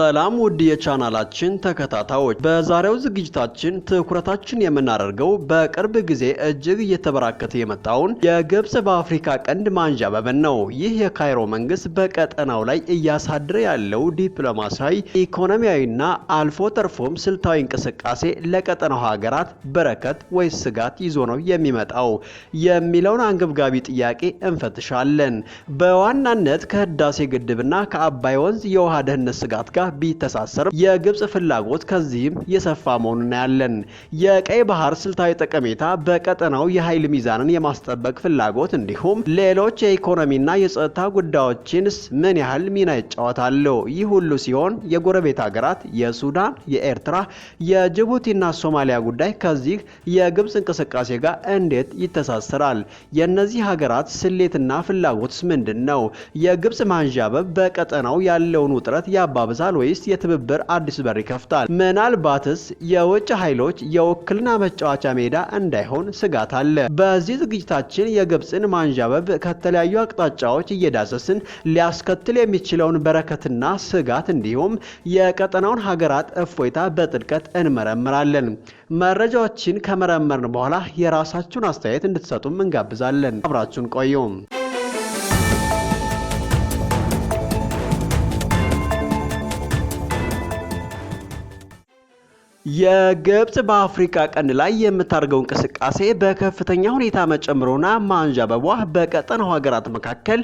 ሰላም ውድ የቻናላችን ተከታታዮች፣ በዛሬው ዝግጅታችን ትኩረታችን የምናደርገው በቅርብ ጊዜ እጅግ እየተበራከተ የመጣውን የግብጽ በአፍሪካ ቀንድ ማንዣበብን ነው። ይህ የካይሮ መንግስት በቀጠናው ላይ እያሳደረ ያለው ዲፕሎማሲያዊ፣ ኢኮኖሚያዊና አልፎ ተርፎም ስልታዊ እንቅስቃሴ ለቀጠናው ሀገራት በረከት ወይስ ስጋት ይዞ ነው የሚመጣው የሚለውን አንገብጋቢ ጥያቄ እንፈትሻለን። በዋናነት ከህዳሴ ግድብና ከአባይ ወንዝ የውሃ ደህንነት ስጋት ጋር ቢተሳሰር የግብጽ ፍላጎት ከዚህም የሰፋ መሆኑን እናያለን። የቀይ ባህር ስልታዊ ጠቀሜታ በቀጠናው የኃይል ሚዛንን የማስጠበቅ ፍላጎት እንዲሁም ሌሎች የኢኮኖሚና የጸጥታ ጉዳዮችንስ ምን ያህል ሚና ይጫወታሉ? ይህ ሁሉ ሲሆን የጎረቤት ሀገራት የሱዳን፣ የኤርትራ፣ የጅቡቲና ሶማሊያ ጉዳይ ከዚህ የግብጽ እንቅስቃሴ ጋር እንዴት ይተሳሰራል? የእነዚህ ሀገራት ስሌትና ፍላጎትስ ምንድን ነው? የግብጽ ማንዣበብ በቀጠናው ያለውን ውጥረት ያባብሳል ወይስ የትብብር አዲስ በር ይከፍታል? ምናልባትስ የውጭ ኃይሎች የውክልና መጫወቻ ሜዳ እንዳይሆን ስጋት አለ። በዚህ ዝግጅታችን የግብፅን ማንዣበብ ከተለያዩ አቅጣጫዎች እየዳሰስን ሊያስከትል የሚችለውን በረከትና ስጋት እንዲሁም የቀጠናውን ሀገራት እፎይታ በጥልቀት እንመረምራለን። መረጃዎችን ከመረመርን በኋላ የራሳችሁን አስተያየት እንድትሰጡም እንጋብዛለን። አብራችሁን ቆዩም። የግብጽ በአፍሪካ ቀንድ ላይ የምታደርገው እንቅስቃሴ በከፍተኛ ሁኔታ መጨምሮና ማንዣበቧ በቀጠናው ሀገራት መካከል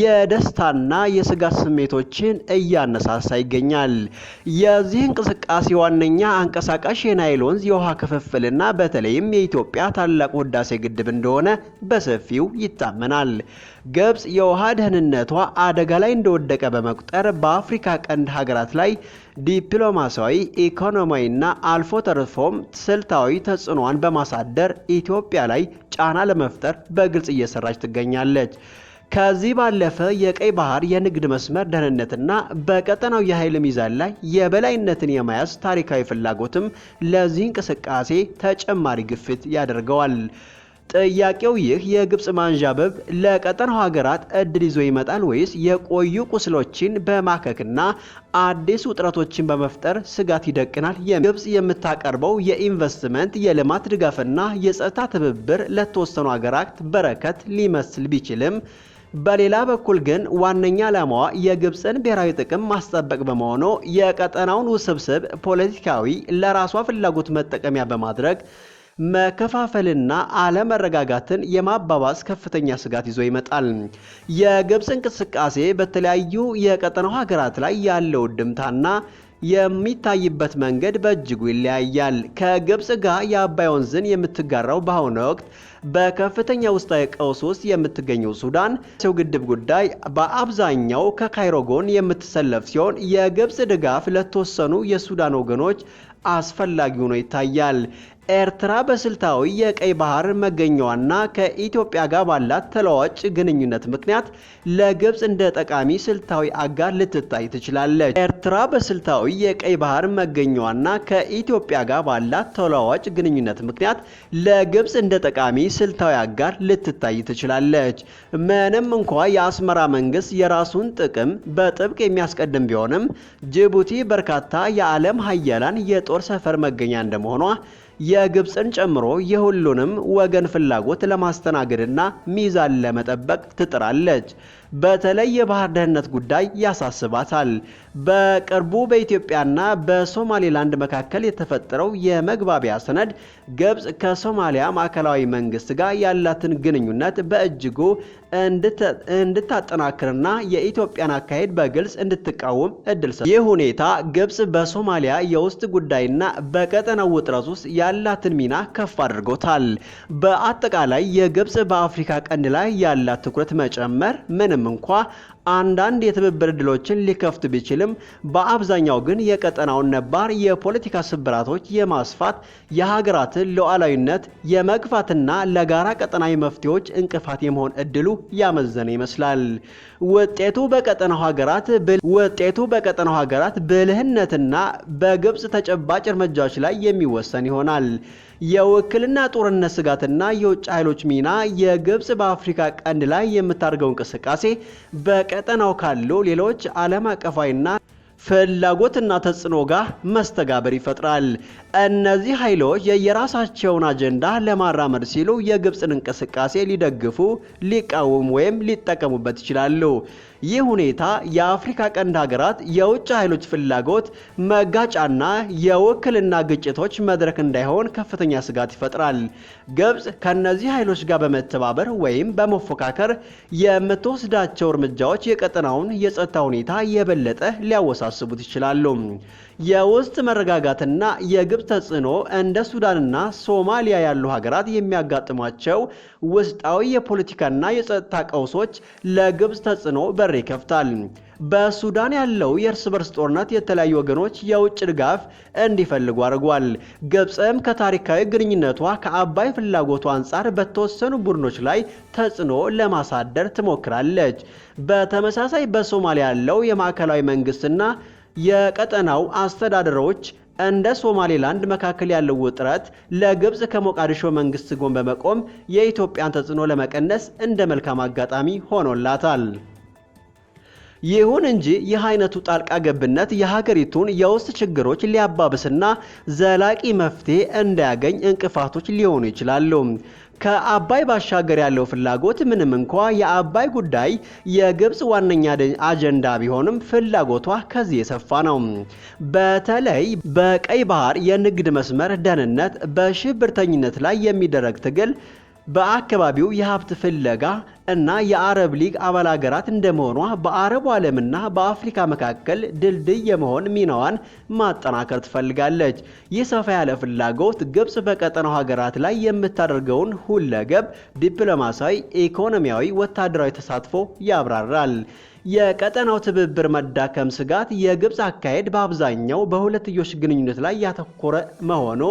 የደስታና የስጋት ስሜቶችን እያነሳሳ ይገኛል። የዚህ እንቅስቃሴ ዋነኛ አንቀሳቃሽ የናይል ወንዝ የውሃ ክፍፍልና በተለይም የኢትዮጵያ ታላቁ ህዳሴ ግድብ እንደሆነ በሰፊው ይታመናል። ግብጽ የውሃ ደህንነቷ አደጋ ላይ እንደወደቀ በመቁጠር በአፍሪካ ቀንድ ሀገራት ላይ ዲፕሎማሲያዊ፣ ኢኮኖሚያዊና አልፎ ተርፎም ስልታዊ ተጽዕኖዋን በማሳደር ኢትዮጵያ ላይ ጫና ለመፍጠር በግልጽ እየሰራች ትገኛለች። ከዚህ ባለፈ የቀይ ባህር የንግድ መስመር ደህንነትና በቀጠናው የኃይል ሚዛን ላይ የበላይነትን የመያዝ ታሪካዊ ፍላጎትም ለዚህ እንቅስቃሴ ተጨማሪ ግፊት ያደርገዋል። ጥያቄው ይህ የግብፅ ማንዣበብ ለቀጠናው ሀገራት እድል ይዞ ይመጣል ወይስ የቆዩ ቁስሎችን በማከክና አዲስ ውጥረቶችን በመፍጠር ስጋት ይደቅናል? ግብፅ የምታቀርበው የኢንቨስትመንት የልማት ድጋፍና የጸጥታ ትብብር ለተወሰኑ ሀገራት በረከት ሊመስል ቢችልም በሌላ በኩል ግን ዋነኛ ዓላማዋ የግብፅን ብሔራዊ ጥቅም ማስጠበቅ በመሆኑ የቀጠናውን ውስብስብ ፖለቲካዊ ለራሷ ፍላጎት መጠቀሚያ በማድረግ መከፋፈልና አለመረጋጋትን የማባባስ ከፍተኛ ስጋት ይዞ ይመጣል። የግብፅ እንቅስቃሴ በተለያዩ የቀጠናው ሀገራት ላይ ያለው ድምታና የሚታይበት መንገድ በእጅጉ ይለያያል። ከግብፅ ጋር የአባይ ወንዝን የምትጋራው በአሁኑ ወቅት በከፍተኛ ውስጣዊ ቀውስ ውስጥ የምትገኘው ሱዳን ሰው ግድብ ጉዳይ በአብዛኛው ከካይሮ ጎን የምትሰለፍ ሲሆን የግብፅ ድጋፍ ለተወሰኑ የሱዳን ወገኖች አስፈላጊ ሆኖ ይታያል። ኤርትራ በስልታዊ የቀይ ባህር መገኛዋና ከኢትዮጵያ ጋር ባላት ተለዋጭ ግንኙነት ምክንያት ለግብፅ እንደ ጠቃሚ ስልታዊ አጋር ልትታይ ትችላለች። ኤርትራ በስልታዊ የቀይ ባህር መገኛዋና ከኢትዮጵያ ጋር ባላት ተለዋጭ ግንኙነት ምክንያት ለግብፅ እንደ ጠቃሚ ስልታዊ አጋር ልትታይ ትችላለች። ምንም እንኳ የአስመራ መንግስት የራሱን ጥቅም በጥብቅ የሚያስቀድም ቢሆንም ጅቡቲ በርካታ የዓለም ሀያላን የጦር ሰፈር መገኛ እንደመሆኗ የግብፅን ጨምሮ የሁሉንም ወገን ፍላጎት ለማስተናገድና ሚዛን ለመጠበቅ ትጥራለች። በተለይ የባህር ደህንነት ጉዳይ ያሳስባታል። በቅርቡ በኢትዮጵያና በሶማሌላንድ መካከል የተፈጠረው የመግባቢያ ሰነድ ግብጽ ከሶማሊያ ማዕከላዊ መንግስት ጋር ያላትን ግንኙነት በእጅጉ እንድታጠናክርና የኢትዮጵያን አካሄድ በግልጽ እንድትቃወም እድል ሰጥቷል። ይህ ሁኔታ ግብጽ በሶማሊያ የውስጥ ጉዳይና በቀጠናው ውጥረት ውስጥ ያላትን ሚና ከፍ አድርጎታል። በአጠቃላይ የግብጽ በአፍሪካ ቀንድ ላይ ያላት ትኩረት መጨመር ምንም Simon Qua, አንዳንድ የትብብር እድሎችን ሊከፍት ቢችልም በአብዛኛው ግን የቀጠናውን ነባር የፖለቲካ ስብራቶች የማስፋት የሀገራትን ሉዓላዊነት የመግፋትና ለጋራ ቀጠናዊ መፍትሄዎች እንቅፋት የመሆን እድሉ ያመዘነ ይመስላል። ውጤቱ በቀጠናው ሀገራት ውጤቱ በቀጠናው ሀገራት ብልህነትና በግብፅ ተጨባጭ እርምጃዎች ላይ የሚወሰን ይሆናል። የውክልና ጦርነት ስጋትና የውጭ ኃይሎች ሚና የግብፅ በአፍሪካ ቀንድ ላይ የምታደርገው እንቅስቃሴ በቀ በቀጠናው ካሉ ሌሎች ዓለም አቀፋዊና ፍላጎትና ተጽዕኖ ጋር መስተጋበር ይፈጥራል። እነዚህ ኃይሎች የየራሳቸውን አጀንዳ ለማራመድ ሲሉ የግብፅን እንቅስቃሴ ሊደግፉ፣ ሊቃወሙ ወይም ሊጠቀሙበት ይችላሉ። ይህ ሁኔታ የአፍሪካ ቀንድ ሀገራት የውጭ ኃይሎች ፍላጎት መጋጫና የውክልና ግጭቶች መድረክ እንዳይሆን ከፍተኛ ስጋት ይፈጥራል። ግብፅ ከእነዚህ ኃይሎች ጋር በመተባበር ወይም በመፎካከር የምትወስዳቸው እርምጃዎች የቀጠናውን የጸጥታ ሁኔታ የበለጠ ሊያወሳስ ሊያሳስቡት ይችላሉ። የውስጥ መረጋጋትና የግብፅ ተጽዕኖ እንደ ሱዳንና ሶማሊያ ያሉ ሀገራት የሚያጋጥሟቸው ውስጣዊ የፖለቲካና የጸጥታ ቀውሶች ለግብፅ ተጽዕኖ በር ይከፍታል። በሱዳን ያለው የእርስ በርስ ጦርነት የተለያዩ ወገኖች የውጭ ድጋፍ እንዲፈልጉ አድርጓል። ግብፅም ከታሪካዊ ግንኙነቷ ከአባይ ፍላጎቱ አንጻር በተወሰኑ ቡድኖች ላይ ተጽዕኖ ለማሳደር ትሞክራለች። በተመሳሳይ በሶማሊያ ያለው የማዕከላዊ መንግስትና የቀጠናው አስተዳደሮች እንደ ሶማሌላንድ መካከል ያለው ውጥረት ለግብፅ ከሞቃዲሾ መንግስት ጎን በመቆም የኢትዮጵያን ተጽዕኖ ለመቀነስ እንደ መልካም አጋጣሚ ሆኖላታል። ይሁን እንጂ ይህ አይነቱ ጣልቃ ገብነት የሀገሪቱን የውስጥ ችግሮች ሊያባብስና ዘላቂ መፍትሄ እንዳያገኝ እንቅፋቶች ሊሆኑ ይችላሉ። ከአባይ ባሻገር ያለው ፍላጎት ምንም እንኳ የአባይ ጉዳይ የግብፅ ዋነኛ አጀንዳ ቢሆንም ፍላጎቷ ከዚህ የሰፋ ነው። በተለይ በቀይ ባህር የንግድ መስመር ደህንነት፣ በሽብርተኝነት ላይ የሚደረግ ትግል፣ በአካባቢው የሀብት ፍለጋ እና የአረብ ሊግ አባል ሀገራት እንደመሆኗ በአረቡ ዓለምና በአፍሪካ መካከል ድልድይ የመሆን ሚናዋን ማጠናከር ትፈልጋለች። ይህ ሰፋ ያለ ፍላጎት ግብጽ በቀጠናው ሀገራት ላይ የምታደርገውን ሁለገብ ዲፕሎማሲያዊ፣ ኢኮኖሚያዊ፣ ወታደራዊ ተሳትፎ ያብራራል። የቀጠናው ትብብር መዳከም ስጋት የግብጽ አካሄድ በአብዛኛው በሁለትዮሽ ግንኙነት ላይ ያተኮረ መሆኑ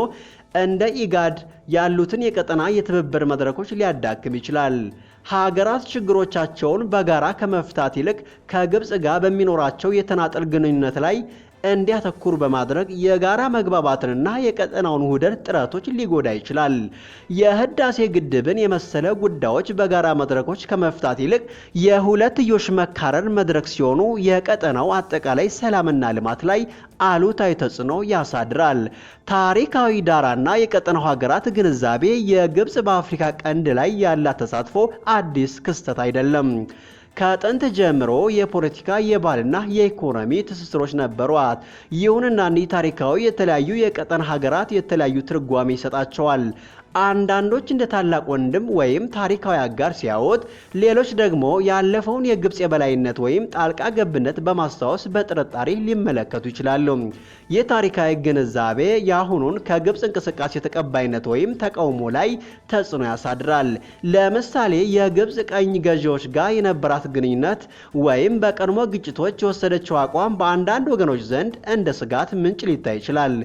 እንደ ኢጋድ ያሉትን የቀጠና የትብብር መድረኮች ሊያዳክም ይችላል። ሀገራት ችግሮቻቸውን በጋራ ከመፍታት ይልቅ ከግብፅ ጋር በሚኖራቸው የተናጠል ግንኙነት ላይ እንዲያተኩር በማድረግ የጋራ መግባባትንና የቀጠናውን ውህደት ጥረቶች ሊጎዳ ይችላል። የህዳሴ ግድብን የመሰለ ጉዳዮች በጋራ መድረኮች ከመፍታት ይልቅ የሁለትዮሽ መካረር መድረክ ሲሆኑ የቀጠናው አጠቃላይ ሰላምና ልማት ላይ አሉታዊ ተጽዕኖ ያሳድራል። ታሪካዊ ዳራና የቀጠናው ሀገራት ግንዛቤ የግብፅ በአፍሪካ ቀንድ ላይ ያላት ተሳትፎ አዲስ ክስተት አይደለም። ከጥንት ጀምሮ የፖለቲካ የባህልና የኢኮኖሚ ትስስሮች ነበሯት። ይሁንና እኒህ ታሪካዊ የተለያዩ የቀጠና ሀገራት የተለያዩ ትርጓሜ ይሰጣቸዋል። አንዳንዶች እንደ ታላቅ ወንድም ወይም ታሪካዊ አጋር ሲያዩት፣ ሌሎች ደግሞ ያለፈውን የግብፅ የበላይነት ወይም ጣልቃ ገብነት በማስታወስ በጥርጣሬ ሊመለከቱ ይችላሉ። ይህ ታሪካዊ ግንዛቤ የአሁኑን ከግብፅ እንቅስቃሴ ተቀባይነት ወይም ተቃውሞ ላይ ተጽዕኖ ያሳድራል። ለምሳሌ የግብፅ ቀኝ ገዢዎች ጋር የነበራት ግንኙነት ወይም በቀድሞ ግጭቶች የወሰደችው አቋም በአንዳንድ ወገኖች ዘንድ እንደ ስጋት ምንጭ ሊታይ ይችላል።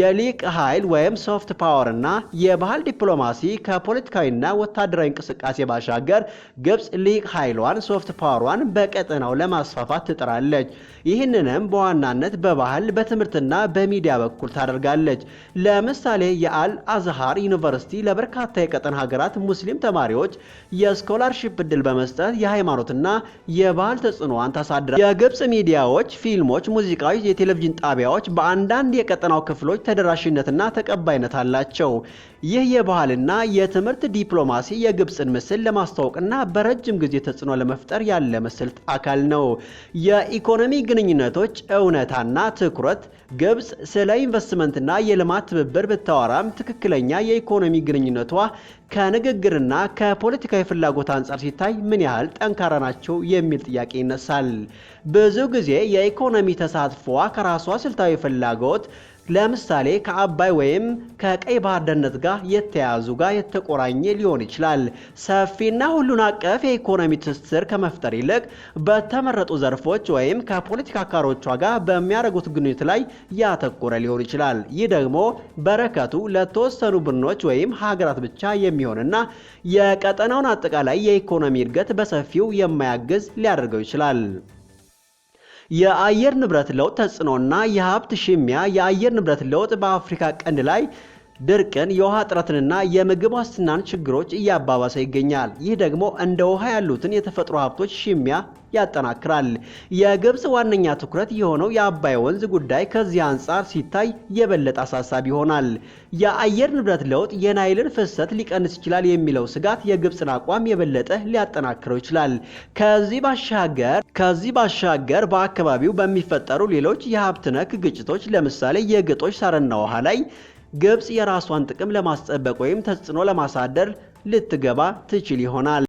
የሊቅ ኃይል ወይም ሶፍት ፓወር እና የባህል ዲፕሎማሲ ከፖለቲካዊና ወታደራዊ እንቅስቃሴ ባሻገር ግብፅ ሊቅ ኃይሏን ሶፍት ፓወሯን በቀጠናው ለማስፋፋት ትጥራለች። ይህንንም በዋናነት በባህል በትምህርትና በሚዲያ በኩል ታደርጋለች። ለምሳሌ የአል አዝሃር ዩኒቨርሲቲ ለበርካታ የቀጠና ሀገራት ሙስሊም ተማሪዎች የስኮላርሺፕ እድል በመስጠት የሃይማኖትና የባህል ተጽዕኖዋን ታሳድራል። የግብፅ ሚዲያዎች፣ ፊልሞች፣ ሙዚቃዎች፣ የቴሌቪዥን ጣቢያዎች በአንዳንድ የቀጠናው ክፍሎች ተደራሽነትና ተቀባይነት አላቸው። ይህ የባህልና የትምህርት ዲፕሎማሲ የግብፅን ምስል ለማስታወቅና በረጅም ጊዜ ተጽዕኖ ለመፍጠር ያለ ምስልት አካል ነው። የኢኮኖሚ ግንኙነቶች እውነታና ትኩረት ግብፅ ስለ ኢንቨስትመንትና የልማት ትብብር ብታወራም ትክክለኛ የኢኮኖሚ ግንኙነቷ ከንግግርና ከፖለቲካዊ ፍላጎት አንጻር ሲታይ ምን ያህል ጠንካራ ናቸው የሚል ጥያቄ ይነሳል። ብዙ ጊዜ የኢኮኖሚ ተሳትፎዋ ከራሷ ስልታዊ ፍላጎት ለምሳሌ ከአባይ ወይም ከቀይ ባህር ደህንነት ጋር የተያያዙ ጋር የተቆራኘ ሊሆን ይችላል። ሰፊና ሁሉን አቀፍ የኢኮኖሚ ትስስር ከመፍጠር ይልቅ በተመረጡ ዘርፎች ወይም ከፖለቲካ አካሮቿ ጋር በሚያደርጉት ግንኙነት ላይ ያተኮረ ሊሆን ይችላል። ይህ ደግሞ በረከቱ ለተወሰኑ ቡድኖች ወይም ሀገራት ብቻ የሚሆንና የቀጠናውን አጠቃላይ የኢኮኖሚ እድገት በሰፊው የማያግዝ ሊያደርገው ይችላል። የአየር ንብረት ለውጥ ተጽዕኖና የሀብት ሽሚያ የአየር ንብረት ለውጥ በአፍሪካ ቀንድ ላይ ድርቅን የውሃ እጥረትንና የምግብ ዋስትናን ችግሮች እያባባሰ ይገኛል። ይህ ደግሞ እንደ ውሃ ያሉትን የተፈጥሮ ሀብቶች ሽሚያ ያጠናክራል። የግብፅ ዋነኛ ትኩረት የሆነው የአባይ ወንዝ ጉዳይ ከዚህ አንጻር ሲታይ የበለጠ አሳሳቢ ይሆናል። የአየር ንብረት ለውጥ የናይልን ፍሰት ሊቀንስ ይችላል የሚለው ስጋት የግብፅን አቋም የበለጠ ሊያጠናክረው ይችላል። ከዚህ ባሻገር ከዚህ ባሻገር በአካባቢው በሚፈጠሩ ሌሎች የሀብት ነክ ግጭቶች ለምሳሌ የግጦሽ ሳርና ውሃ ላይ ግብፅ የራሷን ጥቅም ለማስጠበቅ ወይም ተጽዕኖ ለማሳደር ልትገባ ትችል ይሆናል።